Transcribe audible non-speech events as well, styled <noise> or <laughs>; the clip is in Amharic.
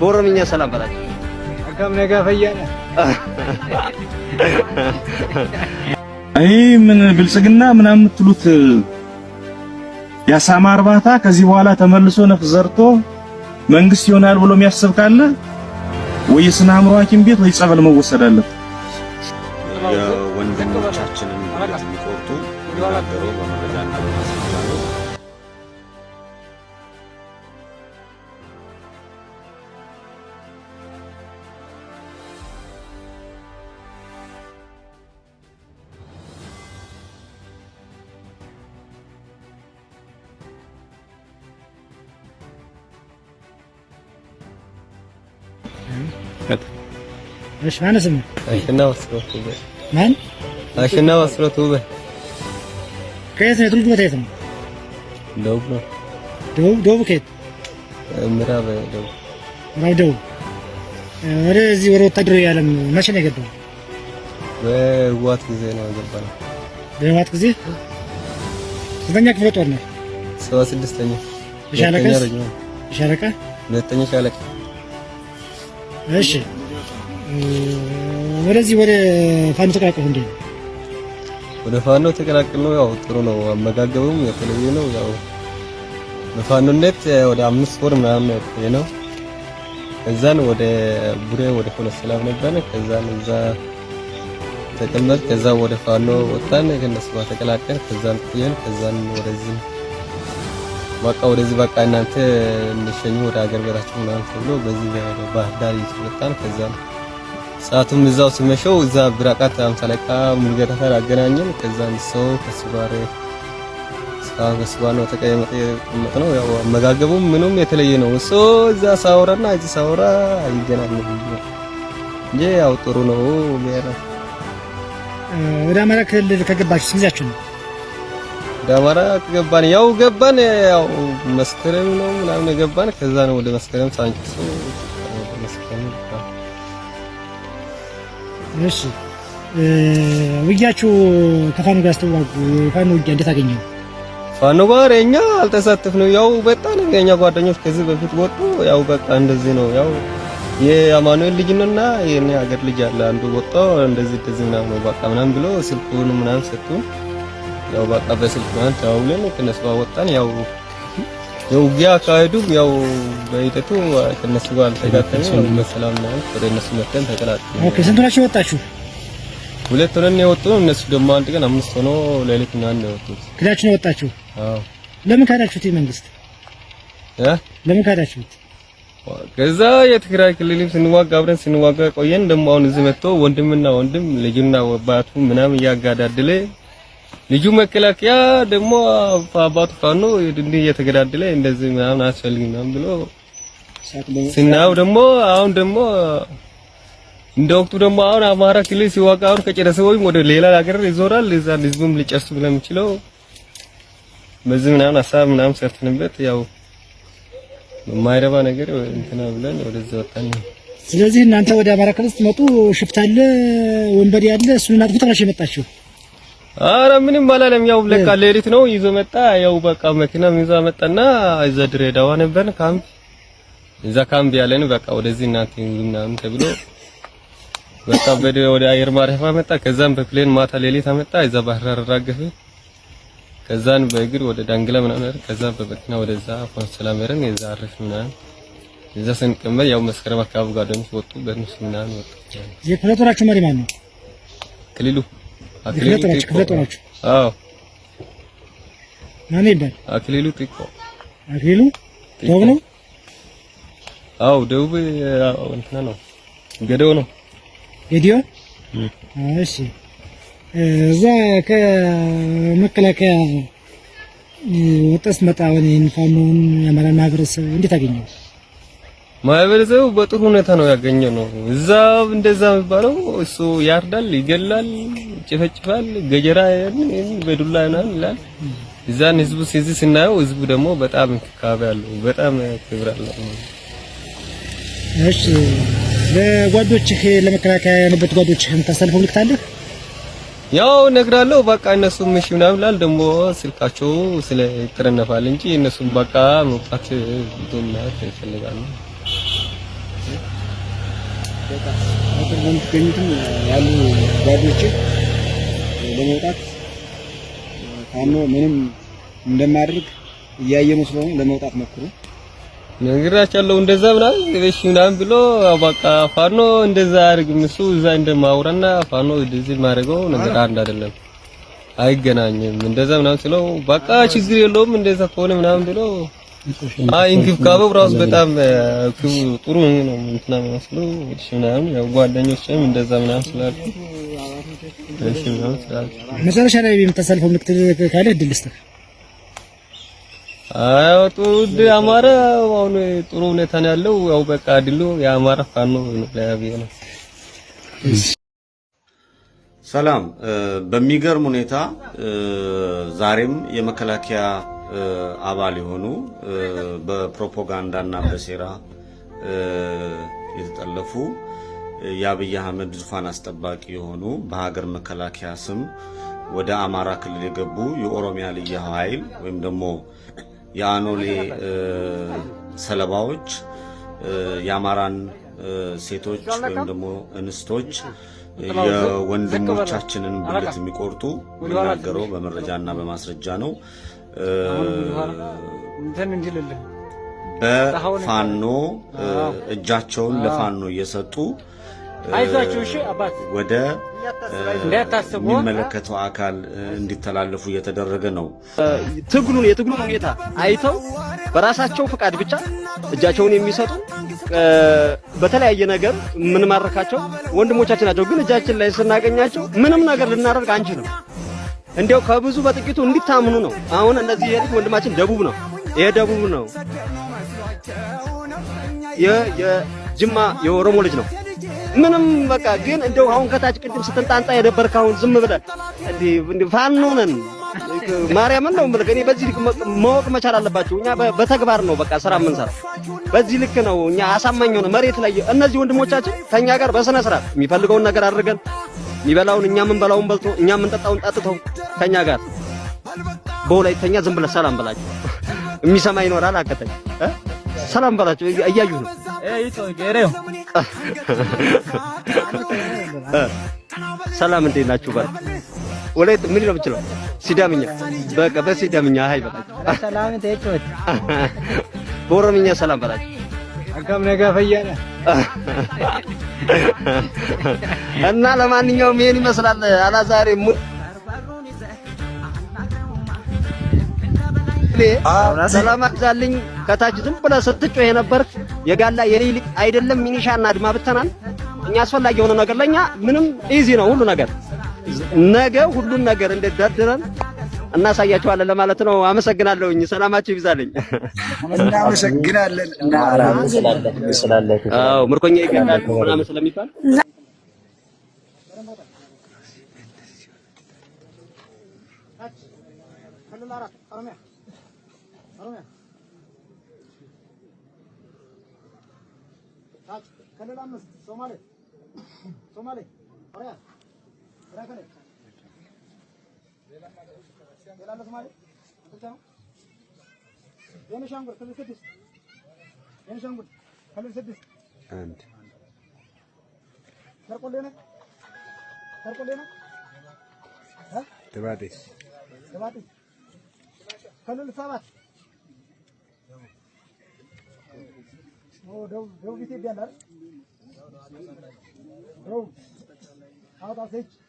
በኦሮምኛ ሰላም በላቸው። አይ ምን ብልጽግና ምናምን የምትሉት የአሳማ እርባታ ከዚህ በኋላ ተመልሶ ነፍስ ዘርቶ መንግስት ይሆናል ብሎ የሚያስብ ካለ ወይ የስነ አእምሮ ሐኪም ቤት ወይ ጸበል መወሰድ አለበት። ወንድሞቻችንን የሚቆርጡ ማን ስም አሽና ወስረት ውበ ማን አሽና ወስረት ውበ ከየት ነው ትውልድ ቦታ ነው ደቡብ ነው ደቡብ ደቡብ ከየት ምዕራብ ደቡብ ምዕራብ ደቡብ ወደዚህ ወደ ወታደራዊ ዓለም መቼ ነው የገባው በህወሓት ጊዜ ነው የገባነው በህወሓት ጊዜ ስንተኛ ክፍለ ጦር ነው ሰባ ስድስተኛ ሻለቃ ሻለቃ ሁለተኛ ሻለቃ እሺ ወደዚህ ወደ ፋኖ ተቀላቀሉ እንዴ? ወደ ፋኖ ተቀላቀል ነው። ያው ጥሩ ነው፣ አመጋገብም የተለየ ነው። ያው በፋኖነት ወደ አምስት ወር ምናምን ያው ነው። ከዛን ወደ ቡሬ ወደ ሁለት ሰላም ነበር። ከዛን እዛ ተቀመጥ፣ ከዛ ወደ ፋኖ ወጣን፣ ከነሱ ጋር ተቀላቀል፣ ከዛን ቆየን፣ ከዛን ወደዚህ በቃ ወደዚህ በቃ እናንተ እንሸኙ ወደ ሀገር ቤታችሁ ምናምን ተብሎ በዚህ ባህር ዳር ይወጣን። ከዛም ሰዓቱም እዛው ስመሸው እዛ ብራቃት አምሳለቃ ደቂቃ ሙልጌታ አገናኘን። ከዛም ሰው ከሱ ጋር እስካሁን ከሱ ጋር ነው ተቀመጠ ነው። ያው አመጋገቡም ምኑም የተለየ ነው። እሱ እዛ ሳወራና እዚህ ሳወራ አይገናኝም እንጂ ያው ጥሩ ነው። ወደ አማራ ክልል ከገባችሁ ጊዜያችሁ ነው ዳማራ ገባን። ያው ገባን፣ ያው መስከረም ነው ምናምን ገባን። ከዛ ነው ወደ መስከረም መስከረም። እሺ ውጊያችሁ ከፋኖ ጋር ስትዋጉ ፋኖ ውጊያ እንዴት አገኘው? ፋኖ ጋር እኛ አልተሳተፍነው። ያው በጣም የኛ ጓደኞች ከዚህ በፊት ወጡ። ያው በቃ እንደዚህ ነው። ያው የአማኑኤል ልጅ ነውና የኔ ሀገር ልጅ አለ አንዱ ወጣ እንደዚህ እንደዚህ ምናምን ነው በቃ ምናምን ብሎ ስልኩን ምናምን ሰጡን ያው በቃ በስልክ ማለት ደውለን ከነሱ ጋር ወጣን። ያው የውጊያ አካሄዱ ያው በሂደቱ ከነሱ ጋር አልተጋጠመም። በሰላም ማለት ወደ እነሱ መጥተን ተቀላቀልን። ኦኬ ስንት ሆናችሁ ወጣችሁ? ሁለት ሆነን ነው እነሱ ደግሞ አንድ ቀን አምስት ሆኖ ሌሊት ምናምን ነው የወጡት። ክዳችሁ ነው ወጣችሁ? አዎ። ለምን ካዳችሁት? የመንግስት እ ለምን ካዳችሁት? ከዛ የትግራይ ክልል ስንዋጋ አብረን ስንዋጋ ቆየን። ደግሞ አሁን እዚህ መጥቶ ወንድምና ወንድም ልጅና አባቱ ምናምን እያጋዳደለ ልጁ መከላከያ ደግሞ አባቱ ፋኖ እንዲህ እየተገዳደለ እንደዚህ ምናምን አስፈልግ ምናምን ብሎ ስናየው ደግሞ አሁን ደግሞ እንደ ወቅቱ ደግሞ አሁን አማራ ክልል ሲዋቃ አሁን ከጨረሰ ወይም ወደ ሌላ ሀገር ይዞራል። እዛን ህዝቡም ሊጨርሱ ስለሚችለው በዚህ ምናምን ሀሳብ ምናምን ሰርተንበት ያው የማይረባ ነገር እንትና ብለን ወደዚህ ወጣን። ስለዚህ እናንተ ወደ አማራ ክልል ስትመጡ ሽፍታ አለ፣ ወንበዴ አለ፣ እሱን አጥፉ ተማሽ የመጣችሁ አረ ምንም አላለም። ያው ለካ ሌሊት ነው ይዞ መጣ። ያው በቃ መኪናም ይዞ መጣና እዛ ድሬዳዋ ነበር ካምፕ። እዛ ካምፕ ያለን በቃ ወደዚህ እናንተ ምናምን ተብሎ በቃ በደ ወደ አየር ማረፊያ መጣ። ከዛም በፕሌን ማታ ሌሊት አመጣ። እዛ ባህር ራገፈ። ከዛን በእግር ወደ ዳንግላ ምናምን፣ ከዛ በመኪና ወደዛ ፎንሰላ መረን የዛ አረፍ ምናምን እዛ ስንቀመጥ ያው መስከረም አካባቢ ጋር ጓደኞች ወጡ። በእነሱ ምናምን ወጡ። የፕሮቶራችሁ መሪ ማን ነው? ክልሉ አክሊሉ ጢቆ አክሊሉ ደቡብ ነው። አዎ ደቡብ እንትና ነው፣ ገደው ነው ገዲዮ። እሺ እዛ ከመከላከያ ወጣት መጣ ወይን ፋኖን የአማራ ማህበረሰብ እንዴት አገኘው? ማህበረሰቡ በጥሩ ሁኔታ ነው ያገኘው ነው። እዛ እንደዛ የሚባለው እሱ ያርዳል፣ ይገላል፣ ይጨፈጭፋል፣ ገጀራ በዱላ ምናምን ይላል። እዛን ህዝቡ ሲዚ ስናየው ህዝቡ ደግሞ በጣም እንክብካቤ አለው፣ በጣም ክብር አለው። እሺ ለጓዶችህ ለመከላከያ ያለበት ጓዶችህ የምታስተላልፈው መልዕክት አለ? ያው ነግራለሁ። በቃ እነሱ ምሽ ምናምን ይላል ደግሞ ስልካቸው ስለ ይተረነፋል እንጂ እነሱም በቃ መውጣት ዶምና ይፈልጋሉ። በምትገኙትም ያሉ ጓዶች ለመውጣት ፋኖ ምንም እንደማድርግ እያየኑ ስለሆነ ለመውጣት ሞክሩ። ነግራቻለሁ። እንደዛ ምናምን እሺ ምናምን ብሎ በቃ ፋኖ እንደዛ አያደርግም። እሱ እዛ እንደማውራና ፋኖ እንደዚህ ማድረገው ነገር አንድ አይደለም፣ አይገናኝም። እንደዛ ምናምን ስለው በቃ ችግር የለውም እንደዛ ከሆነ ምናምን ብሎ አይ እንክብካቤው ራሱ በጣም ጥሩ ነው። እንትና መስለው እሺ፣ ምናምን ያው ጓደኞችም እንደዛ ምናምን ስላሉ እሺ፣ ምናምን ስላሉ መጨረሻ ላይ የምታሳልፈው ምክትል ካለ እድል ልስጥህ። አይ ጥሩ እድል አማራ አሁን ጥሩ ሁኔታ ነው ያለው። ያው በቃ እድሉ የአማራ ፋኖ ነው። ሰላም በሚገርም ሁኔታ ዛሬም የመከላከያ አባል የሆኑ በፕሮፓጋንዳና በሴራ የተጠለፉ የአብይ አህመድ ዙፋን አስጠባቂ የሆኑ በሀገር መከላከያ ስም ወደ አማራ ክልል የገቡ የኦሮሚያ ልዩ ኃይል ወይም ደግሞ የአኖሌ ሰለባዎች የአማራን ሴቶች ወይም ደግሞ እንስቶች የወንድሞቻችንን ብልት የሚቆርጡ የሚናገረው በመረጃና በማስረጃ ነው። በፋኖ እጃቸውን ለፋኖ እየሰጡ ወደ የሚመለከተው አካል እንዲተላለፉ እየተደረገ ነው። ትግሉን የትግሉን ሁኔታ አይተው በራሳቸው ፍቃድ ብቻ እጃቸውን የሚሰጡ በተለያየ ነገር የምንማርካቸው ወንድሞቻችን ናቸው። ግን እጃችን ላይ ስናገኛቸው ምንም ነገር ልናደርግ አንችልም። እንዲያው ከብዙ በጥቂቱ እንዲታምኑ ነው። አሁን እነዚህ የልጅ ወንድማችን ደቡብ ነው። ይሄ ደቡብ ነው። የጅማ የኦሮሞ ልጅ ነው። ምንም በቃ ግን እንደው አሁን ከታች ቅድም ስትንጣንጣ የነበርክ አሁን ዝም ብለን እንዲ ፋኖ ነን ማርያምን ነው የምልህ። እኔ በዚህ ልክ ማወቅ መቻል አለባቸው። እኛ በተግባር ነው በቃ ስራ የምንሰራው። በዚህ ልክ ነው እኛ አሳማኝ ሆነ መሬት ላይ እነዚህ ወንድሞቻችን ከኛ ጋር በስነ ስርዓት የሚፈልገውን ነገር አድርገን የሚበላውን እኛ በላውን በልቶ እኛ ጠጣውን ጠጥቶ ከኛ ጋር በወላይተኛ ዝም ብለህ ሰላም በላቸው። የሚሰማ ይኖራል። አከተኝ ሰላም በላቸው። እያዩ ነው ሰላም እንዴት ናችሁ በል ወላይት ምን ነው ብቻ ሲዳምኛ በቃ በሲዳምኛ አይ በላቸው። ሰላም ተጨወት በኦሮምኛ ሰላም በላቸው። አጋም ነገ ፈያና <laughs> እና ለማንኛውም ይሄን ይመስላል አላዛሬ ሙድ ሰላም አብዛልኝ። ከታች ዝም ብለህ ስትጮህ የነበር የጋላ የሌሊ አይደለም ሚኒሻና አድማ ብተናል። እኛ አስፈላጊ የሆነ ነገር ለኛ ምንም ኢዚ ነው ሁሉ ነገር ነገ ሁሉን ነገር እንደዳደረን እናሳያቸዋለን ለማለት ነው። አመሰግናለሁኝ። ሰላማችሁ ይብዛልኝ። እናመሰግናለን። ምርኮኛ ይገኛል ምናምን ስለሚባል ሶማሌ ሶማሌ ራከለ गेला माझे కూర్చోం ఏనుషాంగుడు కలిసి సిద్ధిస్తు ఏనుషాంగుడు కలిసి సిద్ధిస్తు సరిపోలేనా సరిపోలేనా تباتيس تباتيس خلوا الإصابات هو دو دو بيتي بيانر دو هذا سيج